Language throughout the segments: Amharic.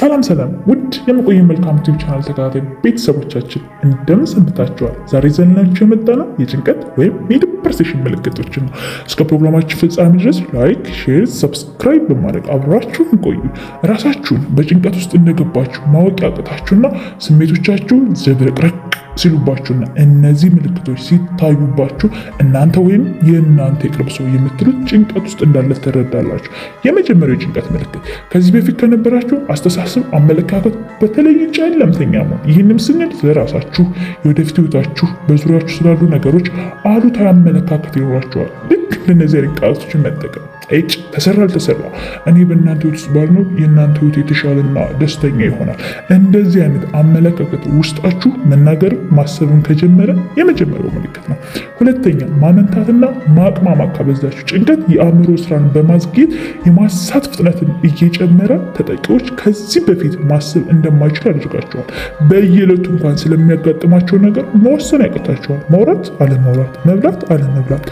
ሰላም ሰላም ውድ የመቆየ መልካም ዩቲዩብ ቻናል ተከታታይ ቤተሰቦቻችን እንደምን ሰንብታችኋል? ዛሬ ዘናችሁ የመጣ ነው የጭንቀት ወይም የዲፕሬሽን ምልክቶችን ነው። እስከ ፕሮግራማችን ፍጻሜ ድረስ ላይክ፣ ሼር፣ ሰብስክራይብ በማድረግ አብራችሁን ቆዩ። ራሳችሁን በጭንቀት ውስጥ እንደገባችሁ ማወቅ ያቅታችሁና ስሜቶቻችሁ ዝብርቅርቅ ሲሉባችሁና እነዚህ ምልክቶች ሲታዩባችሁ እናንተ ወይም የእናንተ የቅርብ ሰው የምትሉት ጭንቀት ውስጥ እንዳለ ትረዳላችሁ። የመጀመሪያው የጭንቀት ምልክት ከዚህ በፊት ከነበራችሁ አስተሳሰብ፣ አመለካከት በተለይ ጨለምተኛ መሆን። ይህንም ስንል ለራሳችሁ፣ የወደፊት ህይወታችሁ፣ በዙሪያችሁ ስላሉ ነገሮች አሉታዊ አመለካከት ይኖራችኋል። ልክ ለነዚህ ቃላቶችን መጠቀም እጭ ተሰራ አልተሰራ እኔ በእናንተ ህይወት ውስጥ ባልኖር የእናንተ ህይወት የተሻለና ደስተኛ ይሆናል። እንደዚህ አይነት አመለካከት ውስጣችሁ መናገር ማሰብን ከጀመረ የመጀመሪያው ምልክት ነው። ሁለተኛ ማመንታትና ማቅማማት ካበዛችሁ ጭንቀት የአእምሮ ስራን በማዝጌት የማሳት ፍጥነትን እየጨመረ ተጠቂዎች ከዚህ በፊት ማሰብ እንደማይችሉ አድርጋቸዋል። በየዕለቱ እንኳን ስለሚያጋጥማቸው ነገር መወሰን ያቅታቸዋል። መውራት አለመውራት መብላት አለመብላት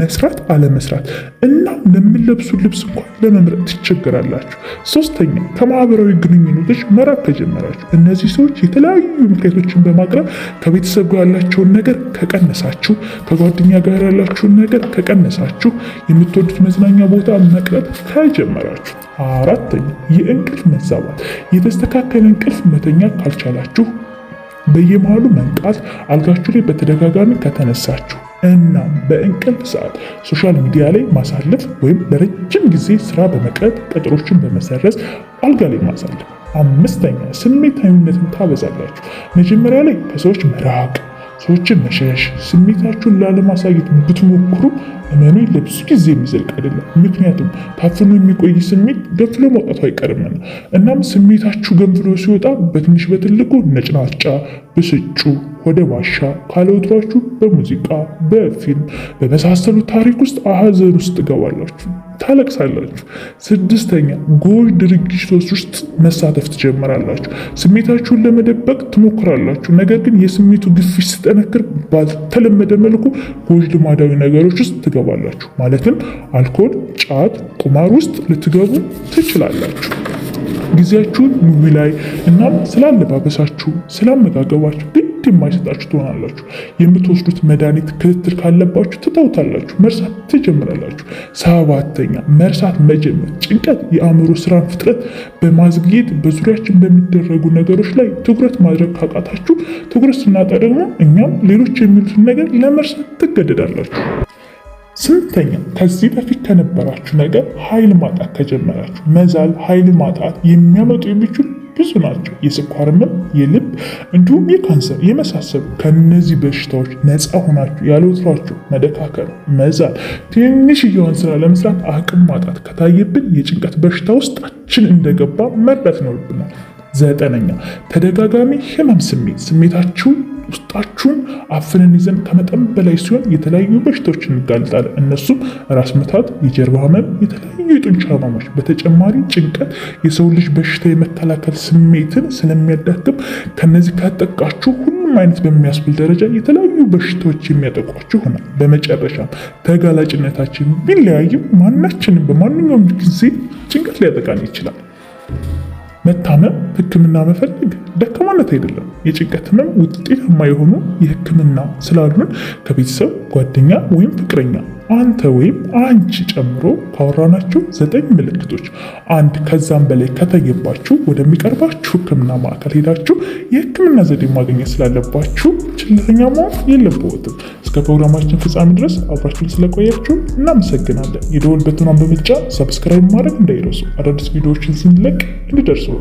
መስራት አለመስራት እና ለምንለብሱ ልብስ እንኳን ለመምረጥ ትቸገራላችሁ። ሶስተኛ ከማህበራዊ ግንኙነቶች መራቅ ከጀመራችሁ እነዚህ ሰዎች የተለያዩ ምክንያቶችን በማቅረብ ከቤተሰብ ጋር ያላቸውን ነገር ከቀነሳችሁ፣ ከጓደኛ ጋር ያላችሁን ነገር ከቀነሳችሁ፣ የምትወዱት መዝናኛ ቦታ መቅረብ ከጀመራችሁ አራተኛ የእንቅልፍ መዛባት፣ የተስተካከለ እንቅልፍ መተኛ ካልቻላችሁ በየመሃሉ መንቃት፣ አልጋችሁ ላይ በተደጋጋሚ ከተነሳችሁ እና በእንቅልፍ ሰዓት ሶሻል ሚዲያ ላይ ማሳለፍ ወይም ለረጅም ጊዜ ስራ በመቅረት ቀጠሮችን በመሰረዝ አልጋ ላይ ማሳለፍ። አምስተኛ ስሜታዊነትን ታበዛላችሁ። መጀመሪያ ላይ ከሰዎች መራቅ ሰዎችን መሸሽ፣ ስሜታችሁን ላለማሳየት ብትሞክሩ እመኑ ለብዙ ጊዜ የሚዘልቅ አይደለም። ምክንያቱም ታፍኖ የሚቆይ ስሜት ገንፍሎ መውጣቱ አይቀርምና። እናም ስሜታችሁ ገንፍሎ ሲወጣ በትንሽ በትልቁ ነጭናጫ፣ ብስጩ፣ ወደ ማሻ ካለውትሯችሁ በሙዚቃ በፊልም በመሳሰሉ ታሪክ ውስጥ አሀዘን ውስጥ ትገባላችሁ። ታለቅሳላችሁ። ስድስተኛ ጎጅ ድርጊቶች ውስጥ መሳተፍ ትጀምራላችሁ። ስሜታችሁን ለመደበቅ ትሞክራላችሁ። ነገር ግን የስሜቱ ግፊት ሲጠነክር ባልተለመደ መልኩ ጎጅ ልማዳዊ ነገሮች ውስጥ ትገባላችሁ። ማለትም አልኮል፣ ጫት፣ ቁማር ውስጥ ልትገቡ ትችላላችሁ። ጊዜያችሁን ሙቪ ላይ እናም ስላለባበሳችሁ ስላመጋገባችሁ ግድ የማይሰጣችሁ ትሆናላችሁ። የምትወስዱት መድኃኒት ክትትል ካለባችሁ ትተውታላችሁ፣ መርሳት ትጀምራላችሁ። ሰባተኛ መርሳት መጀመር። ጭንቀት የአእምሮ ስራን ፍጥነት በማዝግየት በዙሪያችን በሚደረጉ ነገሮች ላይ ትኩረት ማድረግ ካቃታችሁ፣ ትኩረት ስናጣ ደግሞ እኛም ሌሎች የሚሉትን ነገር ለመርሳት ትገደዳላችሁ። ስምንተኛ ከዚህ በፊት ከነበራችሁ ነገር ኃይል ማጣት ከጀመራችሁ፣ መዛል ኃይል ማጣት የሚያመጡ የሚችሉ ብዙ ናቸው። የስኳር ህመም፣ የልብ እንዲሁም የካንሰር የመሳሰሉ ከነዚህ በሽታዎች ነፃ ሆናችሁ ያለውትሯችሁ መደካከል፣ መዛል፣ ትንሽ እየሆን ስራ ለመስራት አቅም ማጣት ከታየብን የጭንቀት በሽታ ውስጣችን እንደገባ መረዳት ይኖርብናል። ዘጠነኛ ተደጋጋሚ ህመም ስሜት ስሜታችሁ ውስጣችሁን አፍንን ይዘን ከመጠን በላይ ሲሆን የተለያዩ በሽታዎች እንጋልጣል። እነሱም ራስ ምታት፣ የጀርባ ህመም፣ የተለያዩ የጡንቻ ህመሞች፣ በተጨማሪ ጭንቀት የሰው ልጅ በሽታ የመከላከል ስሜትን ስለሚያዳክም ከነዚህ ካጠቃችሁ ሁሉም አይነት በሚያስብል ደረጃ የተለያዩ በሽታዎች የሚያጠቋችሁ ይሆናል። በመጨረሻ ተጋላጭነታችን ቢለያይም ማናችንም በማንኛውም ጊዜ ጭንቀት ሊያጠቃን ይችላል። መታመም፣ ህክምና መፈለግ ደካ ማለት አይደለም። የጭንቀት ህመም ውጤታማ የሆኑ የህክምና ስላሉን ከቤተሰብ ጓደኛ፣ ወይም ፍቅረኛ አንተ ወይም አንቺ ጨምሮ ካወራናችሁ ዘጠኝ ምልክቶች አንድ ከዛም በላይ ከታየባችሁ ወደሚቀርባችሁ ህክምና ማዕከል ሄዳችሁ የህክምና ዘዴ ማግኘት ስላለባችሁ ችለተኛ መሆን የለበወትም እስከ ፕሮግራማችን ፍጻሜ ድረስ አብራችሁን ስለቆያችሁ እናመሰግናለን። የደወል በትኗን በምጫ ሰብስክራይብ ማድረግ እንዳይረሱ፣ አዳዲስ ቪዲዮዎችን ስንለቅ እንዲደርሱ